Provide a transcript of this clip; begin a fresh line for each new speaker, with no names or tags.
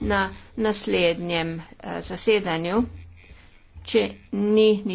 na naslednjem eh, zasedanju, če ni nič.